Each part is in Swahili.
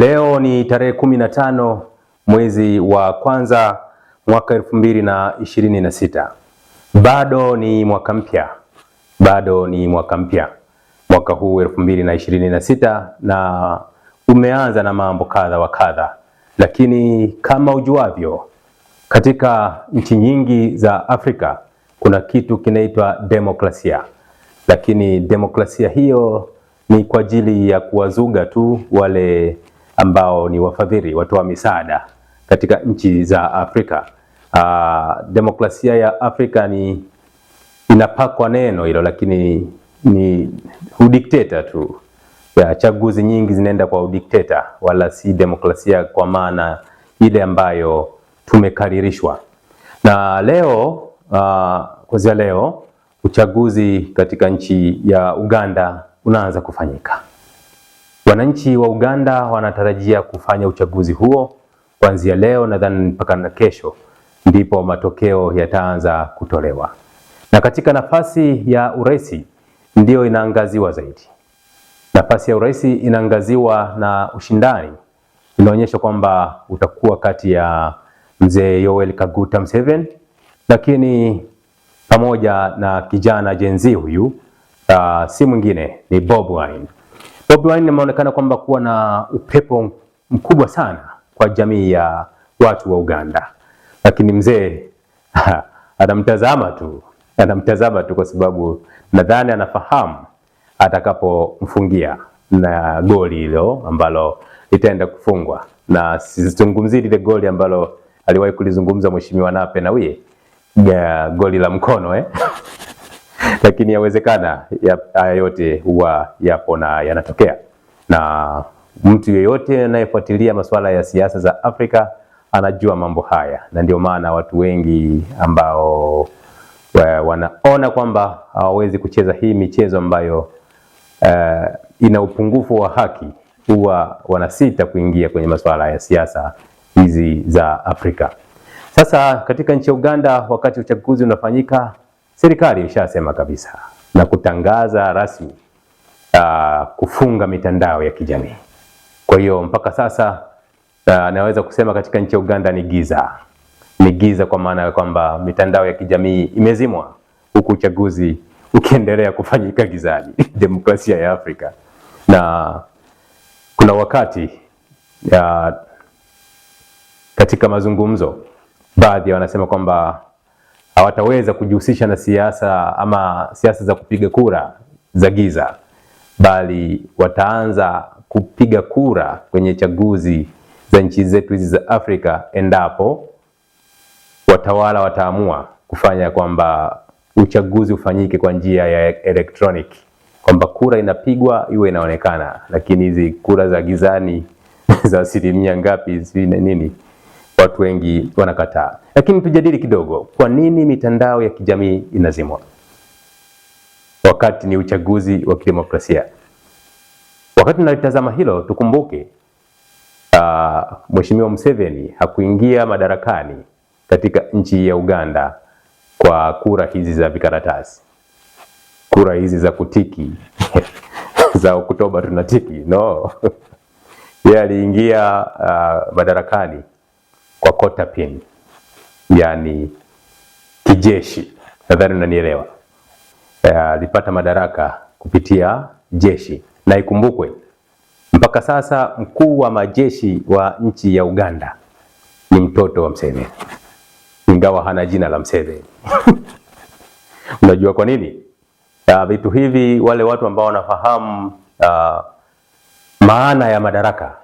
Leo ni tarehe kumi na tano mwezi wa kwanza mwaka elfu mbili na ishirini na sita. Bado ni mwaka mpya, bado ni mwaka mpya, mwaka huu elfu mbili na ishirini na sita na umeanza na mambo kadha wa kadha, lakini kama ujuavyo, katika nchi nyingi za Afrika kuna kitu kinaitwa demokrasia, lakini demokrasia hiyo ni kwa ajili ya kuwazuga tu wale ambao ni wafadhili, watoa misaada katika nchi za Afrika. Uh, demokrasia ya Afrika ni inapakwa neno hilo, lakini ni udikteta tu ya chaguzi nyingi zinaenda kwa udikteta, wala si demokrasia kwa maana ile ambayo tumekaririshwa. Na leo uh, kuanzia leo uchaguzi katika nchi ya Uganda unaanza kufanyika. Wananchi wa Uganda wanatarajia kufanya uchaguzi huo kuanzia leo nadhani mpaka na kesho ndipo matokeo yataanza kutolewa. Na katika nafasi ya urais ndiyo inaangaziwa zaidi. Nafasi ya urais inaangaziwa na ushindani inaonyesha kwamba utakuwa kati ya mzee Yoweri Kaguta Museveni, lakini pamoja na kijana jenzi huyu, uh, si mwingine ni Bobi Wine. Bobi Wine ameonekana kwamba kuwa na upepo mkubwa sana kwa jamii ya watu wa Uganda, lakini mzee anamtazama tu, anamtazama tu, kwa sababu nadhani anafahamu atakapomfungia na goli hilo ambalo litaenda kufungwa, na sizungumzii lile goli ambalo aliwahi kulizungumza mheshimiwa Nape Nnauye, goli la mkono eh? lakini yawezekana haya yote huwa yapo na yanatokea, na mtu yeyote anayefuatilia masuala ya siasa za Afrika anajua mambo haya, na ndio maana watu wengi ambao wanaona kwamba hawawezi kucheza hii michezo ambayo uh, ina upungufu wa haki huwa wanasita kuingia kwenye masuala ya siasa hizi za Afrika. Sasa katika nchi ya Uganda, wakati uchaguzi unafanyika Serikali ishasema kabisa na kutangaza rasmi uh, kufunga mitandao ya kijamii. Kwa hiyo mpaka sasa uh, naweza kusema katika nchi ya Uganda ni giza, ni giza kwa maana ya kwamba mitandao ya kijamii imezimwa huku uchaguzi ukiendelea kufanyika gizani. Demokrasia ya Afrika. Na kuna wakati uh, katika mazungumzo baadhi wanasema kwamba hawataweza kujihusisha na siasa ama siasa za kupiga kura za giza, bali wataanza kupiga kura kwenye chaguzi za nchi zetu hizi za Afrika endapo watawala wataamua kufanya kwamba uchaguzi ufanyike kwa njia ya electronic, kwamba kura inapigwa iwe inaonekana. Lakini hizi kura za gizani za asilimia ngapi, si nini watu wengi wanakataa. Lakini tujadili kidogo, kwa nini mitandao ya kijamii inazimwa wakati ni uchaguzi wa kidemokrasia? Wakati tunalitazama hilo, tukumbuke uh, Mheshimiwa Museveni hakuingia madarakani katika nchi ya Uganda kwa kura hizi za vikaratasi, kura hizi za kutiki za Oktoba tunatiki, no yeye aliingia uh, madarakani kwa pin, yani kijeshi, nadhani unanielewa. Eh, alipata madaraka kupitia jeshi, na ikumbukwe mpaka sasa mkuu wa majeshi wa nchi ya Uganda ni mtoto wa Museveni, ingawa hana jina la Museveni unajua kwa nini? Ah, vitu hivi wale watu ambao wanafahamu uh, maana ya madaraka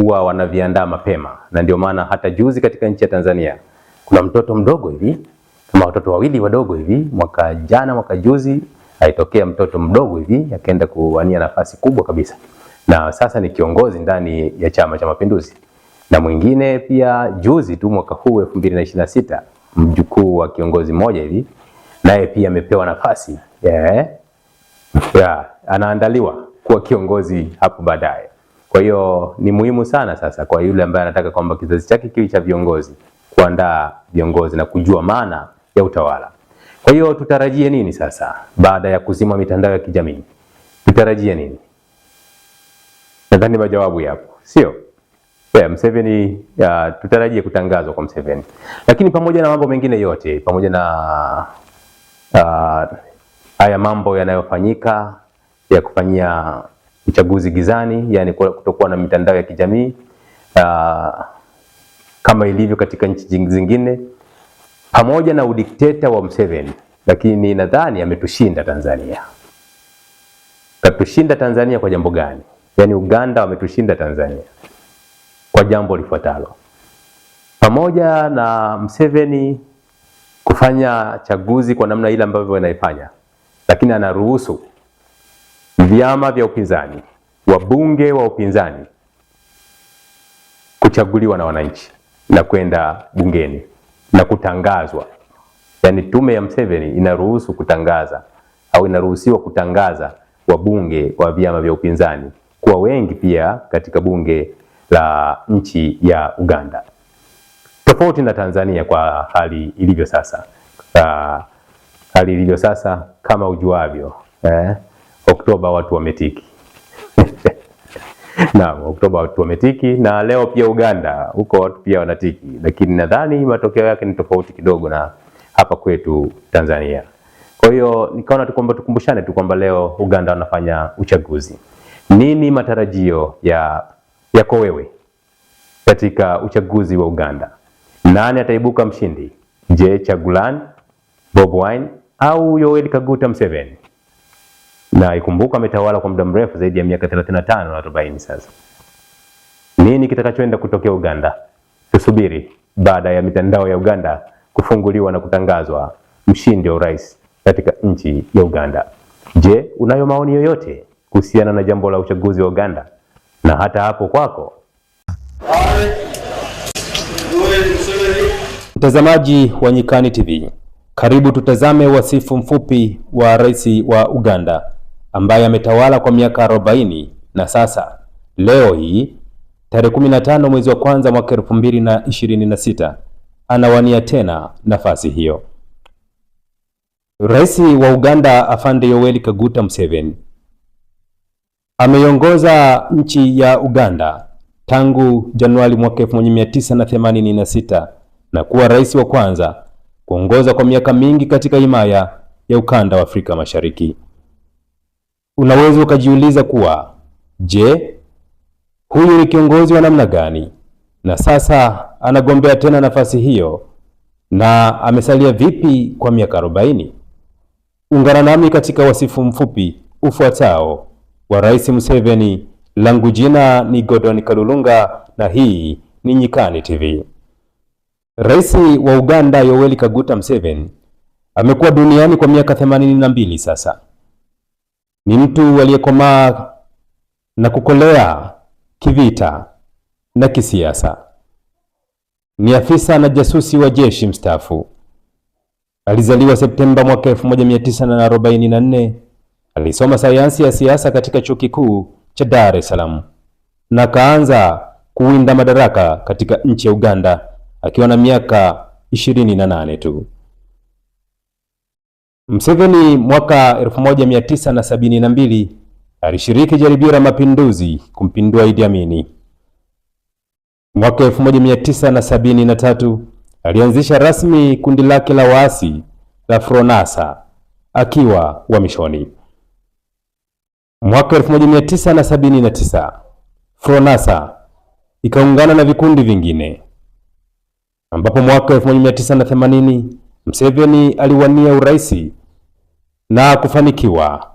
huwa wanaviandaa mapema, na ndio maana hata juzi katika nchi ya Tanzania kuna mtoto mdogo hivi kama watoto wawili wadogo hivi, mwaka jana, mwaka juzi, aitokea mtoto mdogo hivi akaenda kuwania nafasi kubwa kabisa, na sasa ni kiongozi ndani ya Chama cha Mapinduzi, na mwingine pia juzi tu mwaka huu 2026 mjukuu wa kiongozi mmoja hivi naye pia amepewa nafasi yeah. Yeah. Anaandaliwa kuwa kiongozi hapo baadaye. Kwa hiyo ni muhimu sana sasa kwa yule ambaye anataka kwamba kizazi chake kiwe cha viongozi, kuandaa viongozi na kujua maana ya utawala. Kwa hiyo tutarajie nini sasa baada ya kuzima mitandao ya kijamii? Tutarajie nini? Nadhani majawabu yapo, sio? Yeah, Mseveni uh, tutarajie kutangazwa kwa Mseveni, lakini pamoja na mambo mengine yote, pamoja na uh, haya mambo yanayofanyika ya kufanyia uchaguzi gizani, yani kutokuwa na mitandao ya kijamii uh, kama ilivyo katika nchi zingine, pamoja na udikteta wa Museveni, lakini nadhani ametushinda Tanzania. Katushinda Tanzania kwa jambo gani? Yani Uganda wametushinda Tanzania kwa jambo lifuatalo: pamoja na Museveni kufanya chaguzi kwa namna ile ambavyo anaifanya, lakini anaruhusu vyama vya upinzani, wabunge wa upinzani kuchaguliwa na wananchi na kwenda bungeni na kutangazwa. Yaani tume ya Museveni inaruhusu kutangaza au inaruhusiwa kutangaza wabunge wa vyama vya upinzani kuwa wengi pia katika bunge la nchi ya Uganda, tofauti na Tanzania kwa hali ilivyo sasa. Uh, hali ilivyo sasa kama ujuavyo eh? Oktoba watu wametiki. Naam, Oktoba watu wametiki na leo pia Uganda huko watu pia wanatiki, lakini nadhani matokeo yake ni tofauti kidogo na hapa kwetu Tanzania. Kwa hiyo nikaona tu kwamba tukumbushane tu kwamba leo Uganda wanafanya uchaguzi. Nini matarajio ya yako wewe katika uchaguzi wa Uganda? Nani ataibuka mshindi? Je, Chagulan, Bob Wine au Yoweri Kaguta Museveni? na ikumbuka ametawala kwa muda mrefu zaidi ya miaka 35 na 40 sasa. Nini kitakachoenda kutokea Uganda? Tusubiri baada ya mitandao ya Uganda kufunguliwa na kutangazwa mshindi wa urais katika nchi ya Uganda. Je, unayo maoni yoyote kuhusiana na jambo la uchaguzi wa Uganda na hata hapo kwako? Mtazamaji wa Nyikani TV, karibu tutazame wasifu mfupi wa rais wa Uganda ambaye ametawala kwa miaka 40 na sasa leo hii tarehe 15 mwezi wa kwanza mwaka sita anawania tena nafasi hiyo. Rais wa Uganda Afande Yoweri Kaguta Museveni ameiongoza nchi ya Uganda tangu Januari mwaka 1986 na kuwa rais wa kwanza kuongoza kwa miaka mingi katika himaya ya ukanda wa Afrika Mashariki unaweza ukajiuliza kuwa je, huyu ni kiongozi wa namna gani? Na sasa anagombea tena nafasi hiyo na amesalia vipi kwa miaka arobaini? Ungana nami katika wasifu mfupi ufuatao wa Rais Museveni. Langu jina ni Godon Kalulunga na hii ni Nyikani TV. Rais wa Uganda Yoweri Kaguta Museveni amekuwa duniani kwa miaka themanini na mbili sasa ni mtu aliyekomaa na kukolea kivita na kisiasa. Ni afisa na jasusi wa jeshi mstaafu. Alizaliwa Septemba mwaka 1944. Alisoma sayansi ya siasa katika chuo kikuu cha Dar es Salaam na akaanza kuwinda madaraka katika nchi ya Uganda akiwa na miaka 28 tu. Mseveni mwaka 1972 alishiriki jaribio la mapinduzi kumpindua Idi Amini. Mwaka 1973 alianzisha rasmi kundi lake la waasi la Fronasa akiwa mishoni. Mwaka 1979 Fronasa ikaungana na vikundi vingine ambapo mwaka 1980 Mseveni aliwania uraisi na kufanikiwa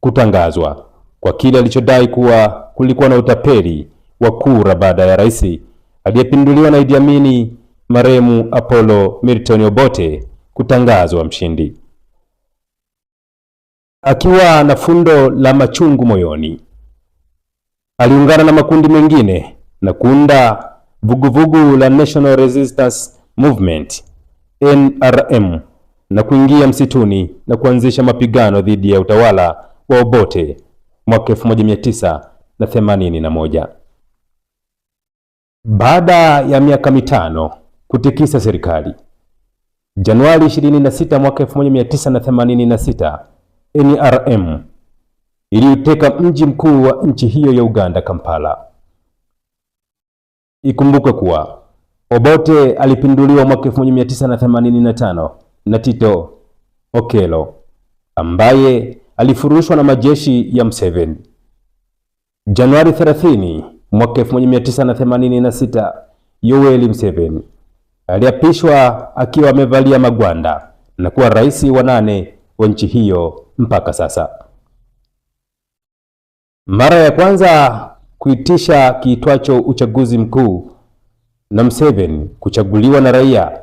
kutangazwa kwa kile alichodai kuwa kulikuwa na utapeli wa kura baada ya rais aliyepinduliwa na Idi Amin marehemu Apollo Milton Obote kutangazwa mshindi. Akiwa na fundo la machungu moyoni, aliungana na makundi mengine na kuunda vuguvugu la National Resistance Movement NRM na kuingia msituni na kuanzisha mapigano dhidi ya utawala wa Obote mwaka 1981. Baada ya miaka mitano kutikisa serikali, Januari 26 mwaka 1986, NRM iliuteka mji mkuu wa nchi hiyo ya Uganda, Kampala. Ikumbukwe kuwa Obote alipinduliwa mwaka 1985 na Tito Okelo ambaye alifurushwa na majeshi ya mseveni Januari 30 mwaka 1986, Yoweri Museveni aliapishwa akiwa amevalia magwanda na kuwa rais wa nane wa nchi hiyo mpaka sasa. Mara ya kwanza kuitisha kiitwacho uchaguzi mkuu na mseveni kuchaguliwa na raia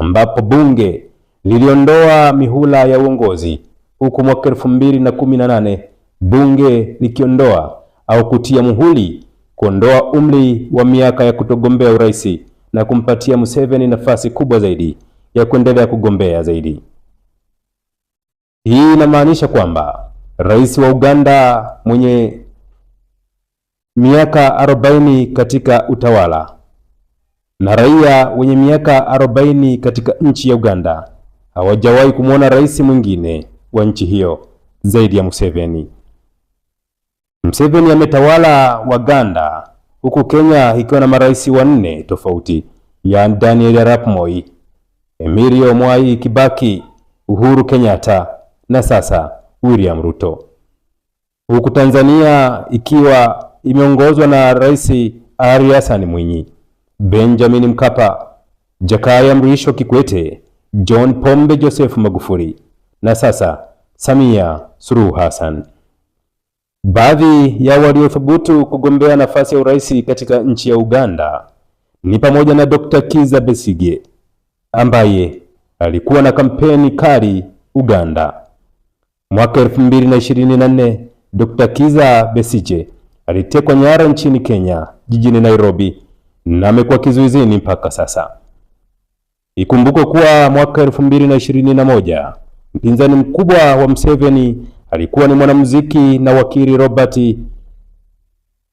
ambapo bunge liliondoa mihula ya uongozi huku mwaka elfu mbili na kumi na nane bunge likiondoa au kutia muhuli kuondoa umri wa miaka ya kutogombea urais na kumpatia Museveni nafasi kubwa zaidi ya kuendelea kugombea zaidi. Hii inamaanisha kwamba rais wa Uganda mwenye miaka arobaini katika utawala na raia wenye miaka 40 katika nchi ya Uganda hawajawahi kumwona rais mwingine wa nchi hiyo zaidi ya Museveni. Museveni ametawala Waganda huku Kenya ikiwa na marais wanne tofauti, ya Daniel Arap Moi, Emilio Mwai Kibaki, Uhuru Kenyatta na sasa William Ruto, huku Tanzania ikiwa imeongozwa na Rais Ali Hassan Mwinyi. Benjamin Mkapa, Jakaya Mrisho Kikwete, John Pombe Joseph Magufuli na sasa Samia Suluhu Hassan. Baadhi ya waliothubutu kugombea nafasi ya urais katika nchi ya Uganda ni pamoja na Dr. Kiza Besige ambaye alikuwa na kampeni kali Uganda. Mwaka 2024, Dr. Kiza Besige alitekwa nyara nchini Kenya jijini Nairobi na amekuwa kizuizini mpaka sasa. Ikumbukwe kuwa mwaka elfu mbili na ishirini na moja mpinzani mkubwa wa Museveni alikuwa ni mwanamuziki na wakili Robert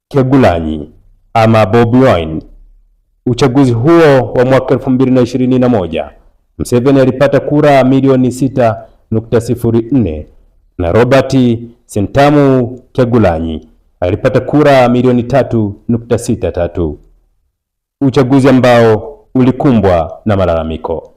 Kegulanyi ama Bobi Wine. Uchaguzi huo wa mwaka elfu mbili na ishirini na moja Museveni alipata kura milioni 6.04 na Robert Sentamu Kegulanyi alipata kura milioni 3.63 uchaguzi ambao ulikumbwa na malalamiko.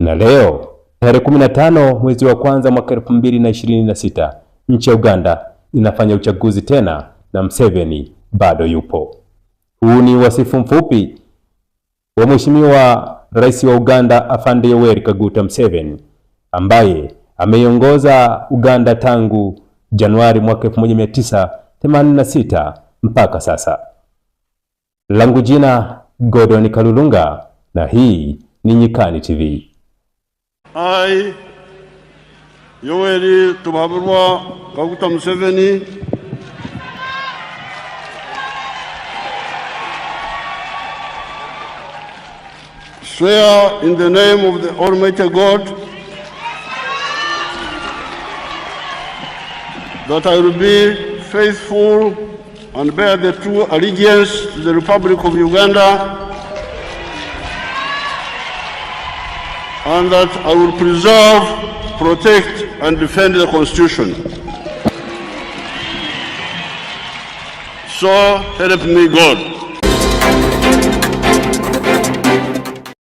Na leo tarehe 15 mwezi wa kwanza mwaka 2026 nchi ya Uganda inafanya uchaguzi tena na Museveni bado yupo. Huu ni wasifu mfupi wa Mheshimiwa Rais wa Uganda Afande Yoweri Kaguta Museveni ambaye ameiongoza Uganda tangu Januari mwaka 1986 mpaka sasa langu jina Godoni Kalulunga na hii ni Nyikani TV. I Yoweri Tubabulwa Kaguta Museveni swear in the name of the Almighty God that I will be faithful and bear the true allegiance to the Republic of Uganda and that I will preserve, protect, and defend the Constitution. So help me God.